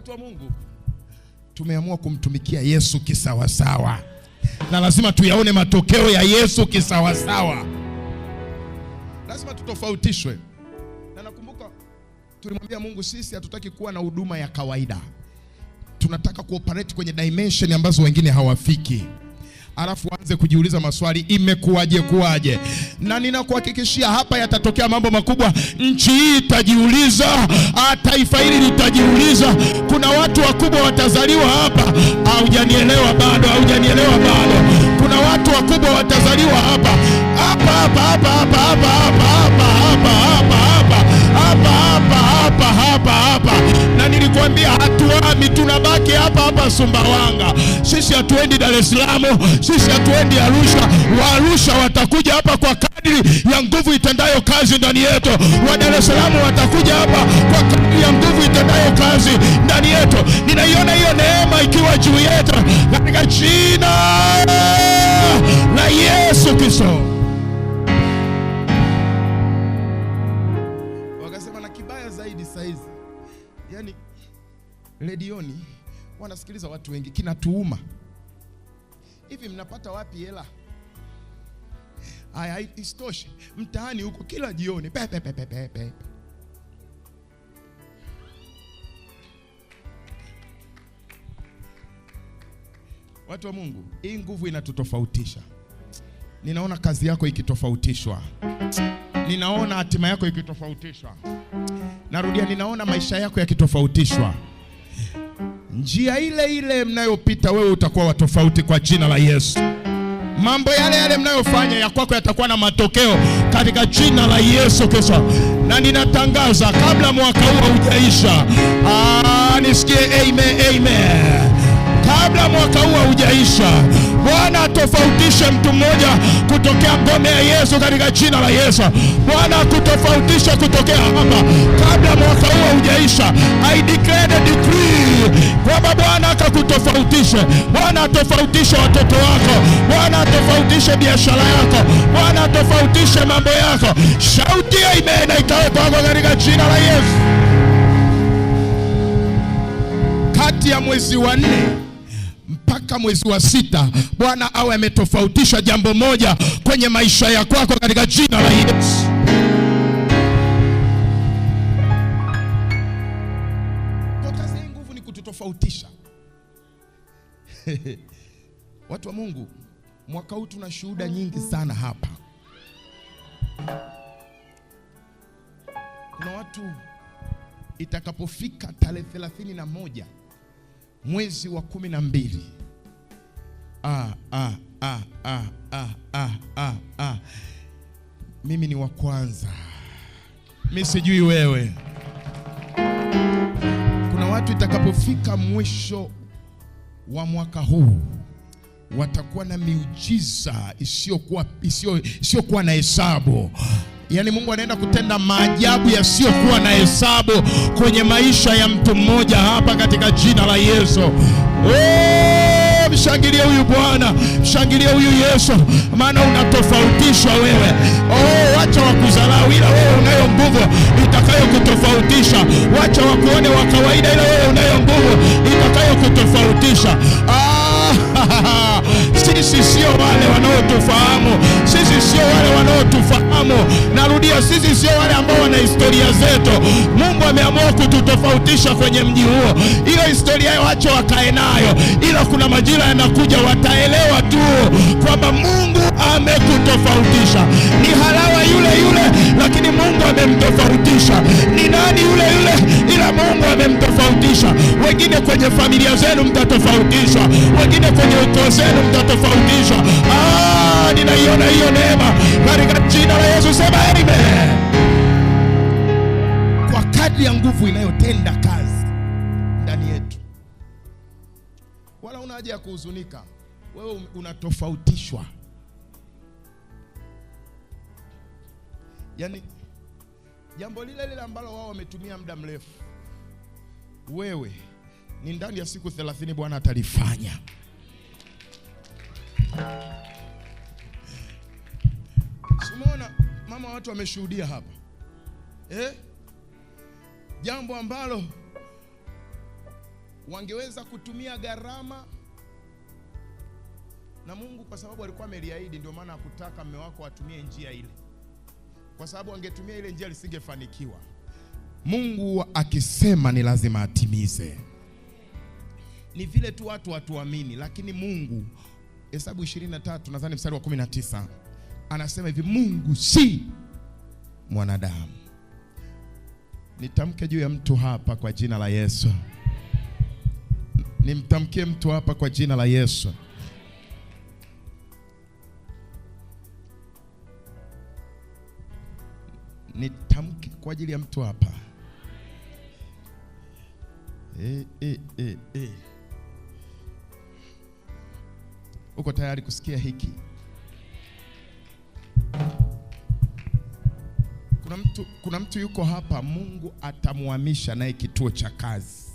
Watu wa Mungu tumeamua kumtumikia Yesu kisawasawa, na lazima tuyaone matokeo ya Yesu kisawasawa. Lazima tutofautishwe. Na nakumbuka tulimwambia Mungu, sisi hatutaki kuwa na huduma ya kawaida, tunataka kuoperate kwenye dimension ambazo wengine hawafiki alafu anze kujiuliza maswali, imekuwaje kuwaje? Na ninakuhakikishia hapa yatatokea mambo makubwa. Nchi hii itajiuliza, ah, taifa hili litajiuliza. Kuna watu wakubwa watazaliwa hapa. Haujanielewa bado, haujanielewa bado. Kuna watu wakubwa watazaliwa hapa hapa hapa hapa hapa hapa hapa hapa hapa hapa hapa hapa hapa hapa hapa, na nilikwambia hatuami, tunabaki hapa hapa Sumbawanga. Sisi hatuendi Dar es Salaam, sisi hatuendi Arusha. Wa Arusha watakuja hapa kwa kadri ya nguvu itendayo kazi ndani yetu, wa Dar es Salaam watakuja hapa kwa kadri ya nguvu itendayo kazi ndani yetu. Ninaiona hiyo neema ikiwa juu yetu katika jina la Yesu Kristo. watu wengi, kinatuuma. Hivi mnapata wapi hela? Haya, isitoshe mtaani huko kila jioni pepe pepe pepe. Watu wa Mungu, hii nguvu inatutofautisha. Ninaona kazi yako ikitofautishwa, ninaona hatima yako ikitofautishwa. Narudia, ninaona maisha yako yakitofautishwa njia ile ile mnayopita wewe utakuwa wa tofauti kwa jina la Yesu. Mambo yale yale mnayofanya ya kwako yatakuwa na matokeo katika jina la Yesu Kristo, na ninatangaza kabla mwaka huu haujaisha, nisikie amen, amen. Kabla mwaka huu haujaisha Bwana atofautishe mtu mmoja kutokea ngome ya Yesu katika jina la Yesu. Bwana akutofautishe kutokea hapa kabla mwaka huu haujaisha. I declare the decree kwamba Bwana akakutofautishe. Bwana atofautishe watoto wako, Bwana atofautishe biashara yako, Bwana atofautishe mambo yako. Shautia imena ikawe kwako katika jina la Yesu. Kati ya mwezi wa nne mpaka mwezi wa sita, Bwana awe ametofautisha jambo moja kwenye maisha ya kwako katika jina la Yesu. Nguvu ni kututofautisha watu wa Mungu. Mwaka huu tuna shuhuda nyingi sana hapa. Kuna watu itakapofika tarehe thelathini na moja mwezi wa kumi na mbili ah, ah, ah, ah, ah, ah, ah, ah. Mimi ni wa kwanza, mi sijui wewe. Kuna watu itakapofika mwisho wa mwaka huu watakuwa na miujiza isiyokuwa isiyokuwa na hesabu. Yaani Mungu anaenda kutenda maajabu yasiyokuwa na hesabu kwenye maisha ya mtu mmoja hapa katika jina la Yesu. Oh! mshangilie huyu Bwana, mshangilie huyu Yesu, maana unatofautishwa wewe. Oh, wacha wakudharau, ila wewe unayo nguvu itakayokutofautisha. Wacha wakuone wa kawaida, ila wewe unayo nguvu itakayokutofautisha. Ah, Sisi sio wale wanaotufahamu, sisi sio wale wanaotufahamu. Narudia, sisi sio wale ambao wana historia zetu. Mungu ameamua kututofautisha kwenye mji huo. Hiyo historia wacho wakae nayo, ila kuna majira yanakuja, wataelewa tu kwamba Mungu amekutofautisha. Ni halawa yule yule, lakini Mungu amemtofautisha. Ni nani yule yule kila Mungu amemtofautisha wengine kwenye familia zenu, mtatofautisha wengine kwenye ukoo zenu, mtatofautisha. iyo ah, ninaiona hiyo neema katika jina la Yesu, sema amen. Kwa kadri ya nguvu inayotenda kazi ndani yetu, wala una haja ya kuhuzunika. Wewe unatofautishwa yani jambo lile lile ambalo wao wametumia muda mrefu wewe, ni ndani ya siku 30 Bwana atalifanya. Simona mama, watu wameshuhudia hapa eh? jambo ambalo wangeweza kutumia gharama na Mungu, kwa sababu alikuwa ameliahidi. Ndio maana hakutaka mme wako atumie njia ile, kwa sababu angetumia ile njia lisingefanikiwa. Mungu akisema ni lazima atimize. Ni vile tu watu watuamini, lakini Mungu, Hesabu 23 nadhani mstari wa 19 anasema hivi, Mungu si mwanadamu. Nitamke juu ya mtu hapa kwa jina la Yesu, nimtamkie mtu hapa kwa jina la Yesu. Nitamke kwa ajili ya mtu hapa eh, eh, eh, eh. Uko tayari kusikia hiki? Kuna mtu, kuna mtu yuko hapa, Mungu atamuhamisha naye kituo cha kazi.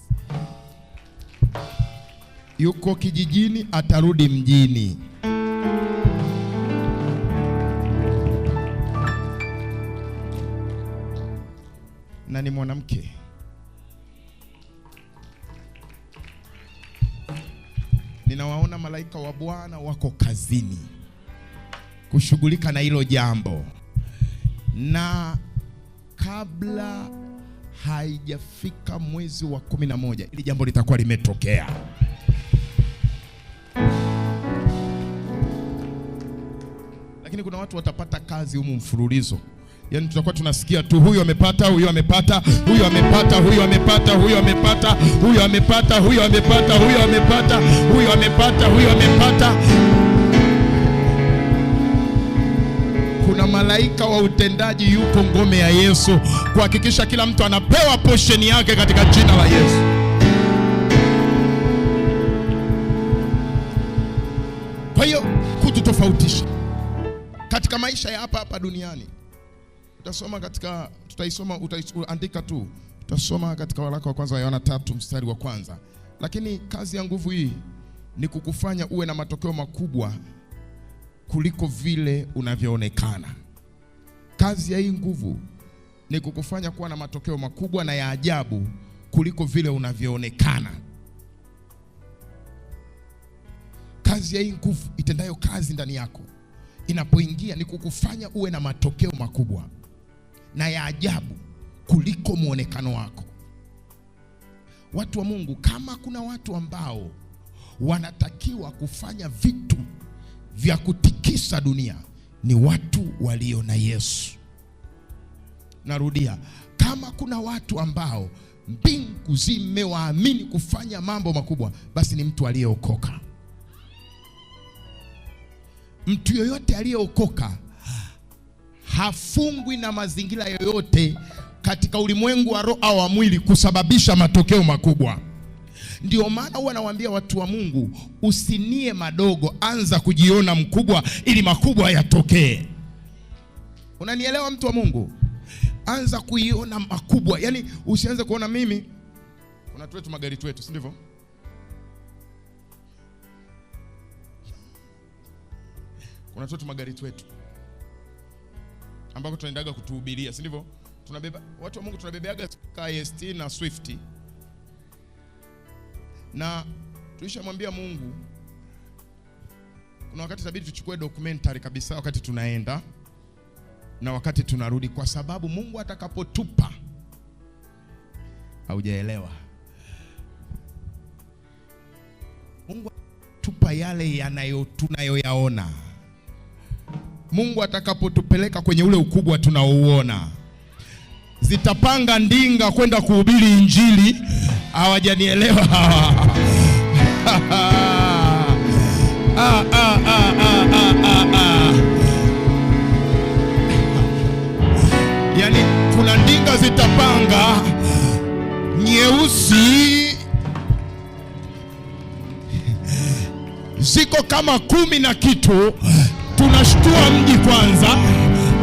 Yuko kijijini atarudi mjini. Na ni mwanamke. Ninawaona malaika wa Bwana wako kazini kushughulika na hilo jambo, na kabla haijafika mwezi wa kumi na moja hili jambo litakuwa limetokea. Lakini kuna watu watapata kazi humu mfululizo. Yaani tutakuwa tunasikia tu huyu amepata, huyu amepata, huyu amepata, huyu amepata, huyu amepata, huyu amepata, huyu amepata, huyu amepata, huyu amepata, huyu amepata. Kuna malaika wa utendaji yuko ngome ya Yesu kuhakikisha kila mtu anapewa portion yake katika jina la Yesu. Kwa hiyo kututofautisha katika maisha ya hapa hapa duniani tutasoma katika tutaisoma utaandika tu, tutasoma katika waraka wa kwanza wa Yohana tatu mstari wa kwanza. Lakini kazi ya nguvu hii ni kukufanya uwe na matokeo makubwa kuliko vile unavyoonekana. Kazi ya hii nguvu ni kukufanya kuwa na matokeo makubwa na ya ajabu kuliko vile unavyoonekana. Kazi ya hii nguvu itendayo kazi ndani yako inapoingia ni kukufanya uwe na matokeo makubwa na ya ajabu kuliko mwonekano wako. Watu wa Mungu, kama kuna watu ambao wanatakiwa kufanya vitu vya kutikisa dunia ni watu walio na Yesu. Narudia, kama kuna watu ambao mbingu zimewaamini kufanya mambo makubwa, basi ni mtu aliyeokoka. Mtu yoyote aliyeokoka hafungwi na mazingira yoyote katika ulimwengu wa roho au wa mwili kusababisha matokeo makubwa. Ndio maana huwa nawaambia watu wa Mungu, usinie madogo, anza kujiona mkubwa ili makubwa yatokee. Unanielewa mtu wa Mungu? Anza kuiona makubwa, yaani usianze kuona mimi. Kuna twetu magari twetu, si ndivyo? Kuna twetu magari twetu ambako tunaendaga kutuhubiria, si ndivyo? Tunabeba watu wa Mungu tunabebeaga KST na Swift, na tulishamwambia Mungu kuna wakati tabidi tuchukue documentary kabisa, wakati tunaenda na wakati tunarudi, kwa sababu Mungu atakapotupa, haujaelewa, Mungu tupa yale yanayo tunayoyaona Mungu atakapotupeleka kwenye ule ukubwa tunaouona, zitapanga ndinga kwenda kuhubiri Injili. Hawajanielewa hawa. ah, ah, ah, ah, ah, ah. kuna ndinga zitapanga nyeusi ziko kama kumi na kitu tunashtua mji kwanza.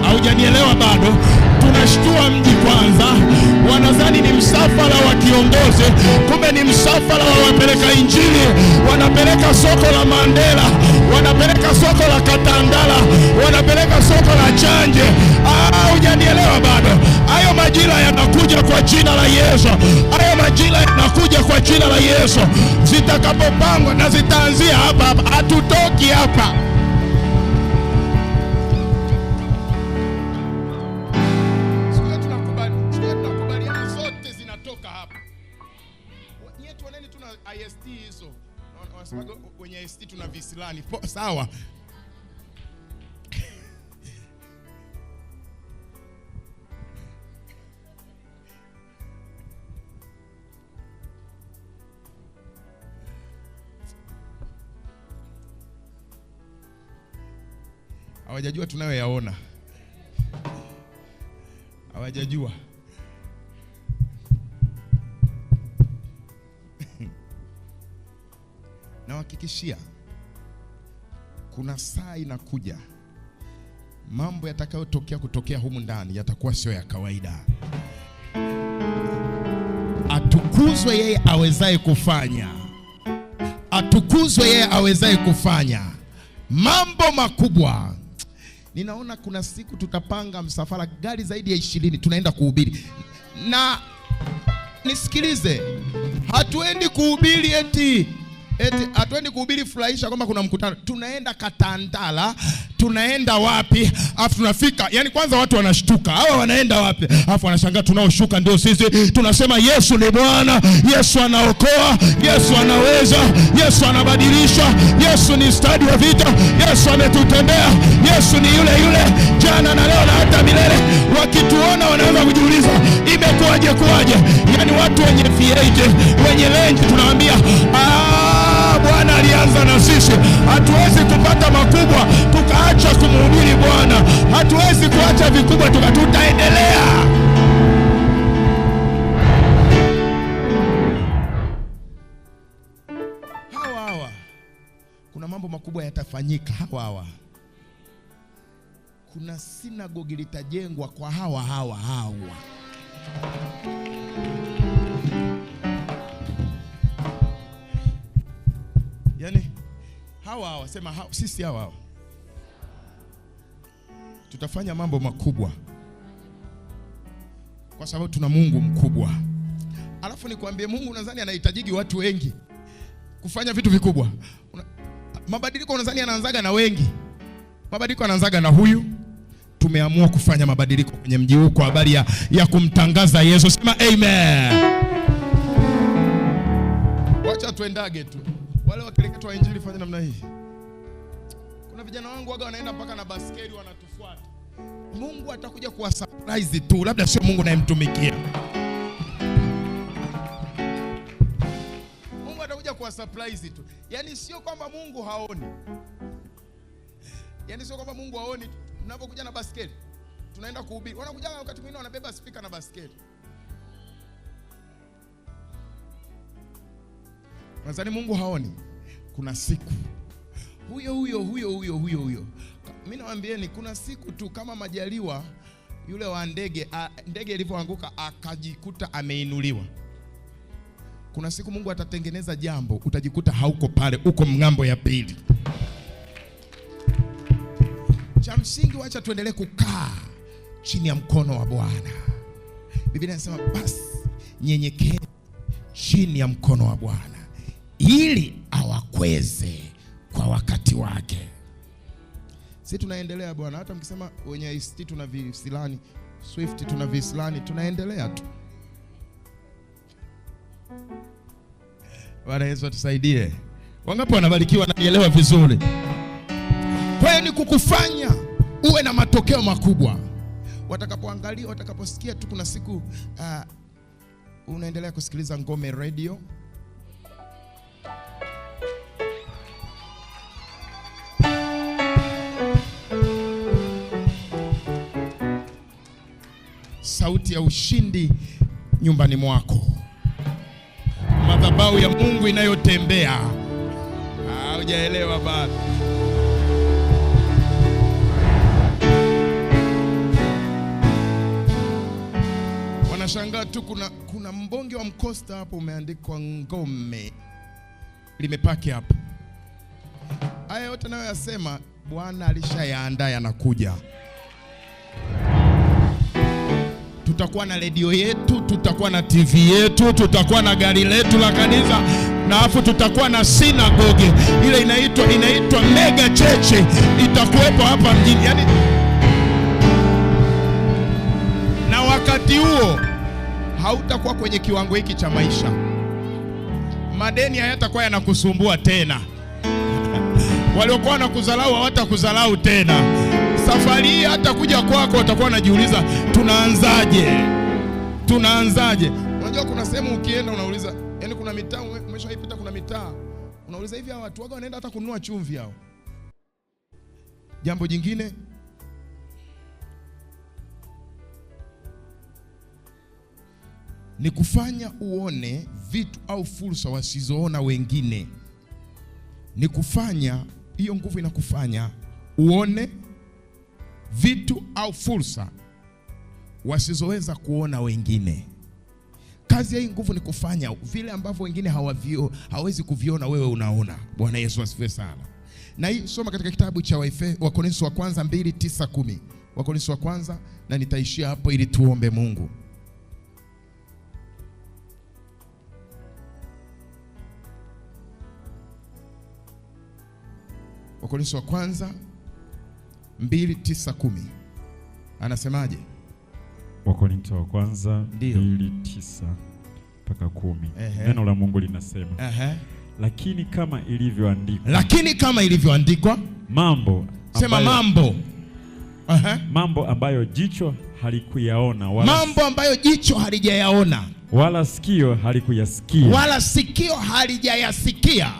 Haujanielewa bado? Tunashtua mji kwanza. Wanadhani ni msafara wa kiongozi, kumbe ni msafara wa wapeleka Injili. Wanapeleka soko la Mandela, wanapeleka soko la Katandala, wanapeleka soko la Chanje. Ah, haujanielewa bado? Hayo majira yanakuja kwa jina la Yesu. Hayo majira yanakuja kwa jina la Yesu, zitakapopangwa na zitaanzia hapa hapa, hatutoki hapa. Eh, sisi tuna visilani po, sawa hawajajua tunayoyaona, hawajajua. ninawahakikishia kuna saa inakuja, mambo yatakayotokea kutokea humu ndani yatakuwa sio ya kawaida. Atukuzwe yeye awezaye kufanya, atukuzwe yeye awezaye kufanya mambo makubwa. Ninaona kuna siku tutapanga msafara, gari zaidi ya ishirini, tunaenda kuhubiri. Na nisikilize, hatuendi kuhubiri eti Eti hatuendi kuhubiri furahisha kwamba kuna mkutano, tunaenda Katandala, tunaenda wapi? Afu tunafika yani, kwanza watu wanashtuka, hawa wanaenda wapi? Afu wanashangaa, tunaoshuka ndio sisi, tunasema Yesu ni Bwana, Yesu anaokoa, Yesu anaweza, Yesu anabadilisha, Yesu ni stadi wa vita, Yesu ametutendea, Yesu ni yule yule jana na leo na hata milele. Wakituona wanaweza kujiuliza imekuwaje kuwaje? Yani watu wenye wenye lenje tunawaambia ah Bwana alianza na sisi. Hatuwezi kupata makubwa tukaacha kumhubiri Bwana, hatuwezi kuacha vikubwa tukatutaendelea. Hawa hawa kuna mambo makubwa yatafanyika. Hawa hawa kuna sinagogi litajengwa kwa hawa hawa hawa yani hawa hawa sema hawa, sisi hawa hawa tutafanya mambo makubwa kwa sababu tuna Mungu mkubwa. Alafu kuambie Mungu nadhani anahitajiki watu wengi kufanya vitu vikubwa. Mabadiliko nadhani anaanzaga na wengi, mabadiliko anaanzaga na huyu. Tumeamua kufanya mabadiliko kwenye mji huu kwa habari ya, ya kumtangaza Yesu. Sema amen. Wacha tuendage tu wale wa injili fanya namna hii. Kuna vijana wangu waga wanaenda mpaka na baskeli wanatufuata. Mungu atakuja kuwa surprise tu, labda sio Mungu nayemtumikia. Mungu atakuja kuwa surprise tu, yaani sio kwamba Mungu haoni, yaani sio kwamba Mungu haoni. Tunapokuja na baskeli tunaenda kuhubiri, wanakuja wakati mwingine wanabeba spika na baskeli Unadhani Mungu haoni? Kuna siku huyo huyo huyo huyo huyo huyo, mimi nawaambieni, kuna siku tu kama majaliwa yule wa ndege ndege ilivyoanguka akajikuta ameinuliwa. Kuna siku Mungu atatengeneza jambo, utajikuta hauko pale, uko mng'ambo ya pili. Cha msingi, wacha tuendelee kukaa chini ya mkono wa Bwana. Biblia inasema basi nyenyekee chini ya mkono wa Bwana ili awakweze kwa wakati wake. Si tunaendelea bwana, hata mkisema wenye ICT tuna visilani Swift, tuna visilani, tunaendelea tu. Bwana Yesu atusaidie. Wangapi wanabarikiwa na nielewa vizuri? Kwa ni kukufanya uwe na matokeo makubwa. Watakapoangalia, watakaposikia tu, kuna siku uh, unaendelea kusikiliza Ngome Radio. sauti ya ushindi nyumbani mwako, madhabahu ya Mungu inayotembea. Haujaelewa ah, bado? Wanashangaa tu. Kuna, kuna mbonge wa mkosta hapo umeandikwa ngome limepaki hapo. Haya yote nayo yasema Bwana alishayaandaa yanakuja. Tutakuwa na redio yetu, tutakuwa na TV yetu, tutakuwa na gari letu la kanisa na afu tutakuwa na sinagoge ile inaitwa inaitwa mega cheche itakuwepo hapa mjini yani... na wakati huo hautakuwa kwenye kiwango hiki cha maisha, madeni hayatakuwa yanakusumbua tena, waliokuwa na kuzalau hawatakuzalau tena safari hii hata kuja kwako watakuwa wanajiuliza tunaanzaje, tunaanzaje? Unajua kuna sehemu ukienda unauliza, yani kuna mitaa umeshaipita, kuna mitaa unauliza hivi, hawa watu waga wanaenda hata kununua chumvi hao. Jambo jingine ni kufanya uone vitu au fursa wasizoona wengine, ni kufanya hiyo nguvu inakufanya uone vitu au fursa wasizoweza kuona wengine. Kazi ya hii nguvu ni kufanya vile ambavyo wengine hawavio hawezi kuviona, wewe unaona. Bwana Yesu asifiwe sana. Na hii soma katika kitabu cha Wakorintho wa kwanza 2:9 10, Wakorintho wa kwanza, na nitaishia hapo ili tuombe Mungu. Wakorintho wa kwanza 2910 tisa kumi anasemaje? Wakorintho wa kwanza 29 tisa mpaka kumi. Neno la Mungu linasema Ehe. Lakini kama ilivyoandikwa, lakini kama ilivyoandikwa, mambo sema mambo Aha. Mambo ambayo jicho halikuyaona wala mambo ambayo jicho halijayaona wala sikio halikuyasikia wala sikio halijayasikia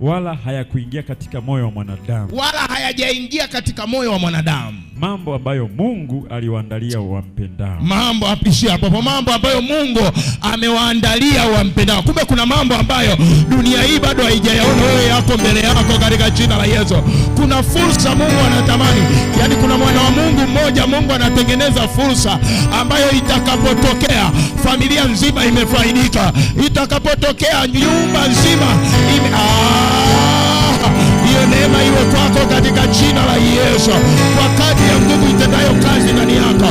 wala hayakuingia katika moyo wa mwanadamu, wala hayajaingia katika moyo wa mwanadamu, mambo ambayo Mungu aliwaandalia wampendao. Mambo apishia hapo, mambo ambayo Mungu amewaandalia wampendao. Kumbe kuna mambo ambayo dunia hii bado haijayaona, wewe yako mbele yako katika jina la Yesu. Kuna fursa Mungu anatamani, yaani kuna mwana wa Mungu mmoja, Mungu anatengeneza fursa ambayo itakapotokea familia nzima imefaidika, itakapotokea nyumba nzima ime ah, Neema iwe kwako katika jina la Yesu, kwa kadri ya nguvu itendayo kazi ndani yako.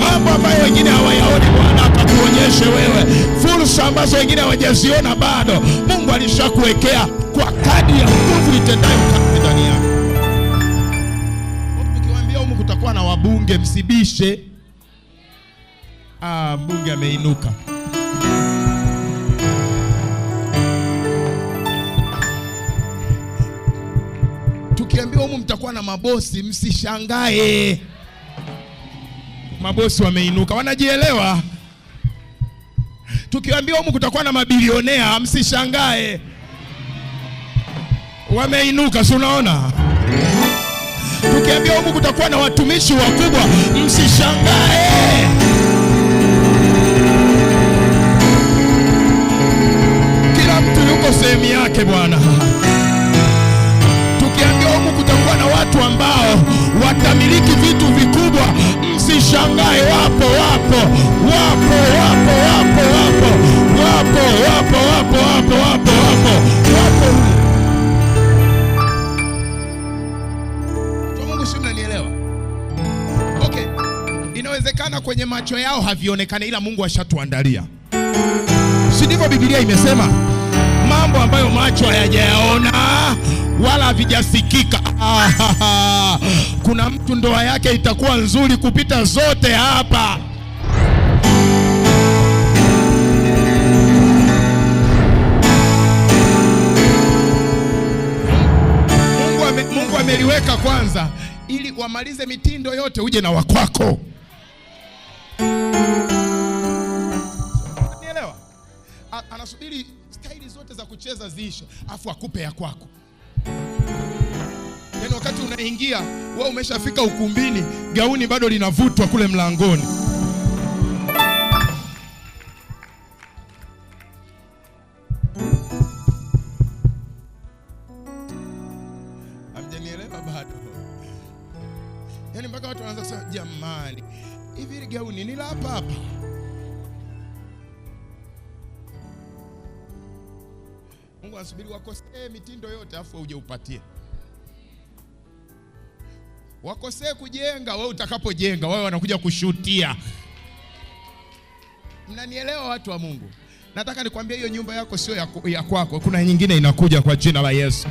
Mambo ambayo wengine hawayaoni, Bwana akakuonyeshe wewe, fursa ambazo wengine hawajaziona bado, Mungu alishakuwekea kwa kadri ya nguvu itendayo kazi ndani yako. Ukiwaambia humu kutakuwa na wabunge, msibishe. Ah, mbunge ameinuka. na mabosi, msishangae mabosi wameinuka, wanajielewa. Tukiambiwa humu kutakuwa na mabilionea, msishangae wameinuka, si unaona? Tukiambia humu kutakuwa na watumishi wakubwa, msishangae. Kila mtu yuko sehemu yake, bwana. ambao watamiliki vitu vikubwa. Msishangae, wapo wapo wapo wapo wapo wapo wapo wapo wapo wapo wapo wapo wapo. inawezekana kwenye macho yao havionekane ila Mungu ashatuandalia, si ndivyo Biblia imesema? mambo ambayo macho hayajayaona wala havijasikika. Kuna mtu ndoa yake itakuwa nzuri kupita zote hapa. Mungu, ame, Mungu ameliweka kwanza ili wamalize mitindo yote uje na wakwako. anasubiri staili zote za kucheza ziishe, afu akupe ya kwako. Yaani wakati unaingia wewe umeshafika ukumbini, gauni bado linavutwa kule mlangoni. Hamjanielewa bado? Yaani mpaka watu wanaanza kusema jamani, hivi gauni ni la hapa hapa wanasubiri wakosee mitindo yote afu uje upatie wakosee kujenga, wewe utakapojenga, wao wanakuja kushutia. Mnanielewa watu wa Mungu? Nataka nikwambie hiyo nyumba yako sio ya, ya kwako, kuna nyingine inakuja kwa jina la Yesu.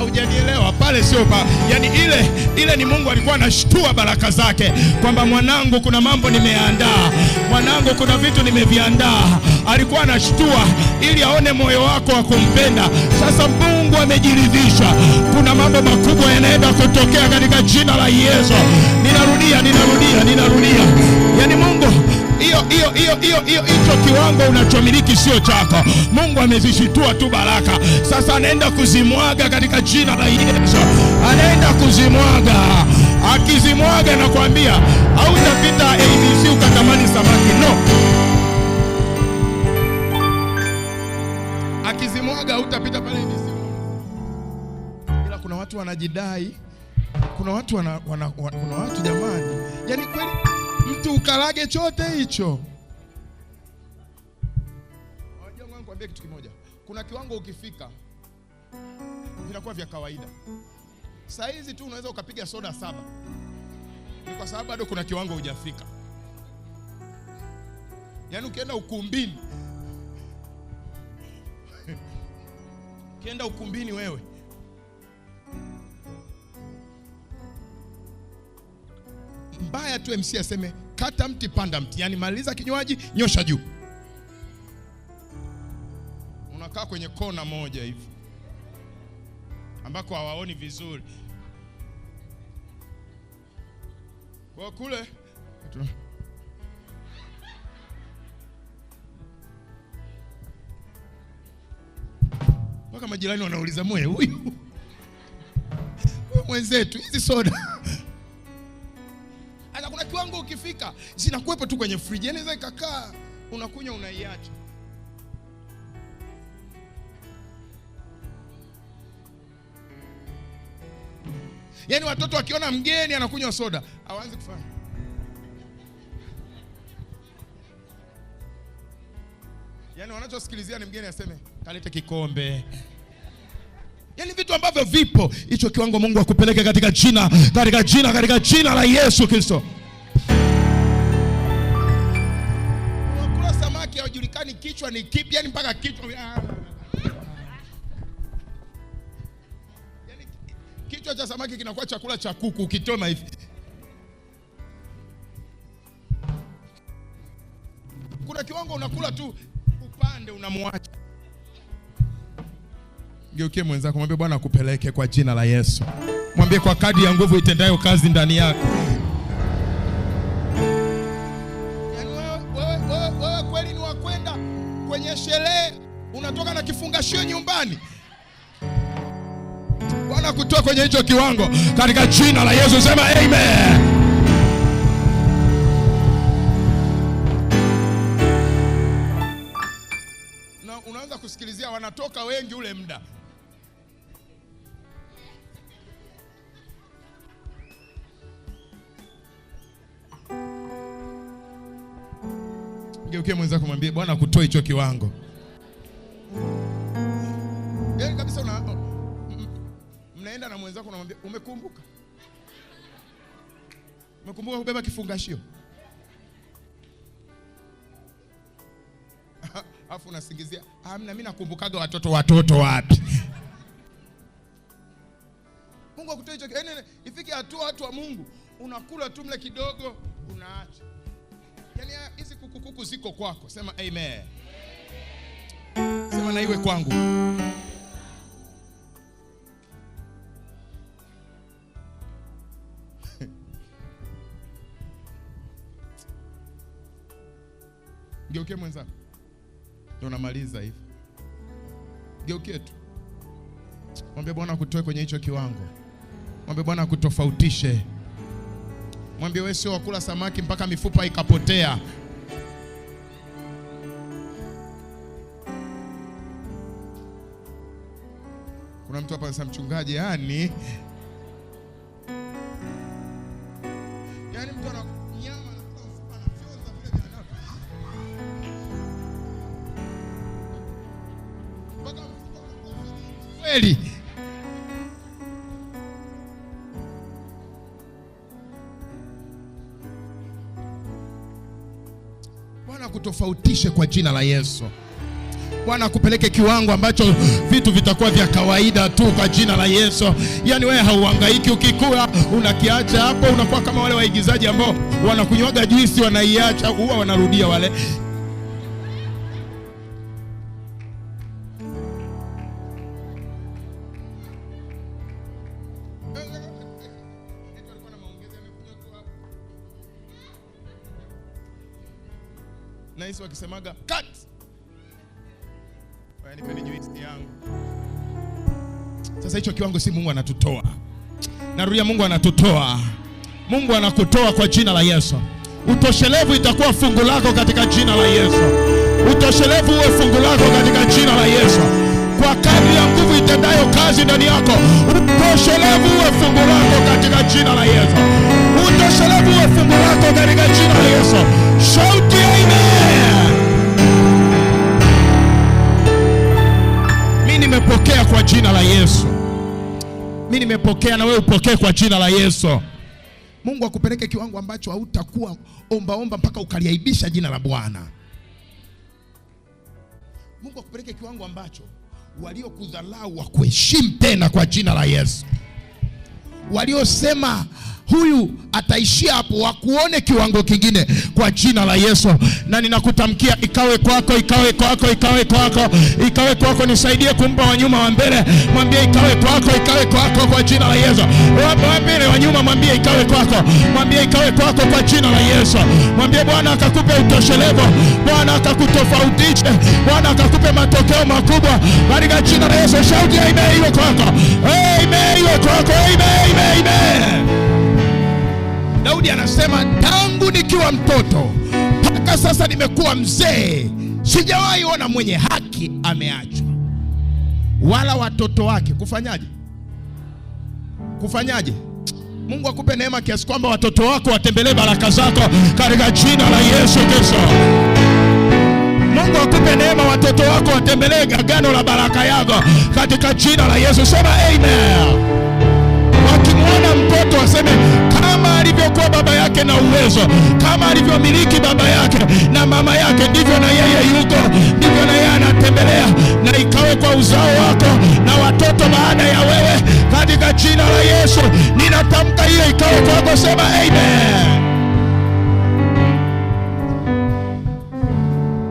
Hujanielewa pale, sio pa, yani ile ile ni Mungu alikuwa anashtua baraka zake kwamba mwanangu, kuna mambo nimeandaa, mwanangu, kuna vitu nimeviandaa alikuwa anashtua ili aone moyo wako wa kumpenda. Sasa Mungu amejiridhisha, kuna mambo makubwa yanaenda kutokea katika jina la Yesu. Ninarudia, ninarudia, ninarudia, yaani Mungu hiyo hiyo hiyo hiyo hiyo, hicho kiwango unachomiliki sio chako. Mungu amezishitua tu baraka, sasa anaenda kuzimwaga katika jina la Yesu, anaenda kuzimwaga. Akizimwaga nakwambia, utapita ABC ukatamani samaki no uoga utapita pale hivi. Ila kuna watu wanajidai, kuna watu wana, wana, wana, kuna watu jamani, yaani kweli mtu ukalage chote hicho. Unajua, ngoja nikwambie kitu kimoja, kuna kiwango ukifika vinakuwa vya kawaida. Saa hizi tu unaweza ukapiga soda saba, ni kwa sababu bado kuna kiwango hujafika. Yaani ukienda ukumbini ukienda ukumbini wewe mbaya tu MC aseme kata mti panda mti, yaani maliza kinywaji nyosha juu, unakaa kwenye kona moja hivi ambako hawaoni vizuri kwa kule mpaka majirani wanauliza mwe huyu mwenzetu hizi soda hata kuna kiwango ukifika zinakuwepo tu kwenye friji, yaani inaweza ikakaa, unakunywa unaiacha. Yaani watoto wakiona mgeni anakunywa soda awanzi kufanya Yaani wanachosikilizia ni mgeni aseme kalete kikombe. Yaani vitu ambavyo vipo, hicho kiwango Mungu akupeleke katika jina, katika jina, katika jina la Yesu Kristo. Unakula samaki haujulikani kichwa ni kipi, yaani mpaka kichwa ah. Yaani kichwa cha samaki kinakuwa chakula cha kuku ukitoma hivi. kumwacha Geukie mwenzako, mwambie Bwana akupeleke kwa jina la Yesu. Mwambie kwa kadi ya nguvu itendayo kazi ndani yako. Yaani wewe kweli ni wakwenda kwenye sherehe, unatoka na kifungashio nyumbani. Bwana kutoa kwenye hicho kiwango katika jina la Yesu, sema amen. kusikilizia, wanatoka wengi ule muda. Geukie mwenzako kumwambia Bwana kutoa hicho kiwango. Yaani kabisa una oh, mnaenda na mwenzako unamwambia, umekumbuka umekumbuka kubeba kifungashio alafu unasingizia amna, mi nakumbukaga watoto watoto wapi? Mungu akutoe hicho. Yaani, ifike hatua watu wa Mungu unakula tu mle kidogo unaacha. Yaani hizi kukukuku ziko kwako, sema amen, sema na iwe kwangu. Geuke mwenzako ndio unamaliza hivi. Geukie tu, mwambie Bwana akutoe kwenye hicho kiwango, mwambie Bwana akutofautishe, mwambie wewe sio wakula samaki mpaka mifupa ikapotea. Kuna mtu hapa anasema mchungaji, yani Bwana kutofautishe kwa jina la Yesu. Bwana akupeleke kiwango ambacho vitu vitakuwa vya kawaida tu kwa jina la Yesu. Yaani wewe hauhangaiki, ukikua unakiacha hapo, unakuwa kama wale waigizaji ambao wanakunywaga juisi wanaiacha, huwa wanarudia wale. Yesu wakisemaga cut. Nipeni juisi yangu. Sasa hicho kiwango si Mungu anatutoa. Narudia, Mungu anatutoa. Mungu anakutoa kwa jina la Yesu. Utoshelevu itakuwa fungu lako katika jina la Yesu. Utoshelevu uwe fungu lako katika jina la Yesu. Kwa kadri ya nguvu itendayo kazi ndani yako, utoshelevu uwe fungu lako katika jina la Yesu. Utoshelevu uwe fungu lako katika jina la Yesu. Shauti umepokea kwa jina la Yesu. Mimi nimepokea na wewe upokee kwa jina la Yesu. Mungu akupeleke kiwango ambacho hautakuwa ombaomba mpaka ukaliaibisha jina la Bwana. Mungu akupeleke kiwango ambacho waliokudhalau wakuheshimu tena kwa jina la Yesu. Waliosema huyu ataishia hapo, wakuone kiwango kingine kwa jina la Yesu. Na ninakutamkia ikawe kwako, ikawe kwako, ikawe kwako, ikawe kwako. Nisaidie kumpa wanyuma wa mbele, mwambie ikawe kwako, ikawe kwako kwa jina la Yesu. Wapo wa mbele, wanyuma, mwambie ikawe kwako, mwambie ikawe kwako kwa jina la Yesu. Mwambie Bwana akakupe utoshelevo, Bwana akakutofautishe, Bwana akakupe matokeo makubwa katika jina la Yesu. Shauti ya imeiwe kwako, amen iwe kwako, amen, imeiwe. amen. Daudi anasema tangu nikiwa mtoto mpaka sasa nimekuwa mzee, sijawahi ona mwenye haki ameachwa, wala watoto wake kufanyaje? Kufanyaje? Mungu akupe neema kiasi kwamba watoto wako watembelee baraka zako katika jina la Yesu Kristo. Mungu akupe neema, watoto wako watembelee gagano la baraka yako katika jina la Yesu. Sema amen wakimwona mtoto waseme kama alivyokuwa baba yake na uwezo, kama alivyomiliki baba yake na mama yake, ndivyo na yeye yuko, ndivyo na yeye anatembelea, na ikawe kwa uzao wako na watoto baada ya wewe, katika jina la Yesu ninatamka hiyo ikawe kwako, sema amen.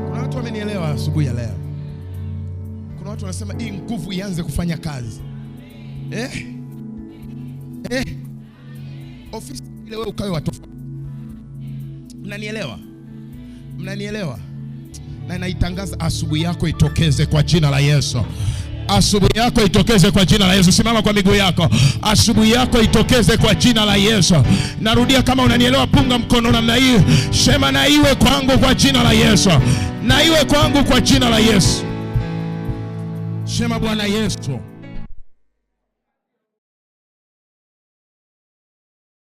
Kuna watu wamenielewa asubuhi ya leo? Kuna watu wanasema hii nguvu ianze kufanya kazi eh? eh? Ofisi ile wewe ukawe watofauti. Mnanielewa? Mnanielewa? Na naitangaza asubuhi yako itokeze kwa jina la Yesu. Asubuhi yako itokeze kwa jina la Yesu. Simama kwa miguu yako. Asubuhi yako itokeze kwa jina la Yesu. Narudia, kama unanielewa, punga mkono namna hii, sema na iwe kwangu kwa jina la Yesu, na iwe kwangu kwa jina la Yesu. Sema Bwana Yesu